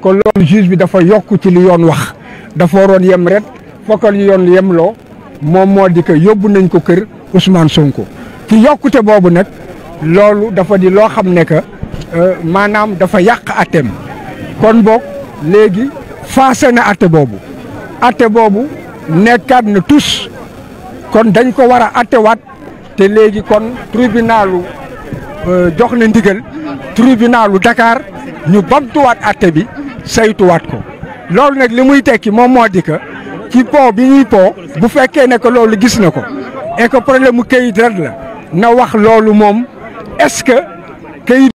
kon loolu juge bi dafa yokk ci li yoon wax dafa waroon yem ret fokkal ñu yoon yemloo moom moo di que yóbbu nañ ko kër Ousmane Sonko ci yokkute boobu nag loolu dafa di loo xam ne que euh, maanaam dafa yàq atem kon book léegi faase ne atte boobu atte boobu nekkaat na tous kon dañ ko war a attewaat te léegi kon tribunalu euh, jox na ndigal tribunalu Dakar ñu bamtuwaat atte bi saytuwaat ko loolu nag li muy tekki moom moo di que ci pont bi ñuy pont bu fekkee ne que loolu gis na ko et que problème mu kayit rek la na wax loolu moom est-ce que kayit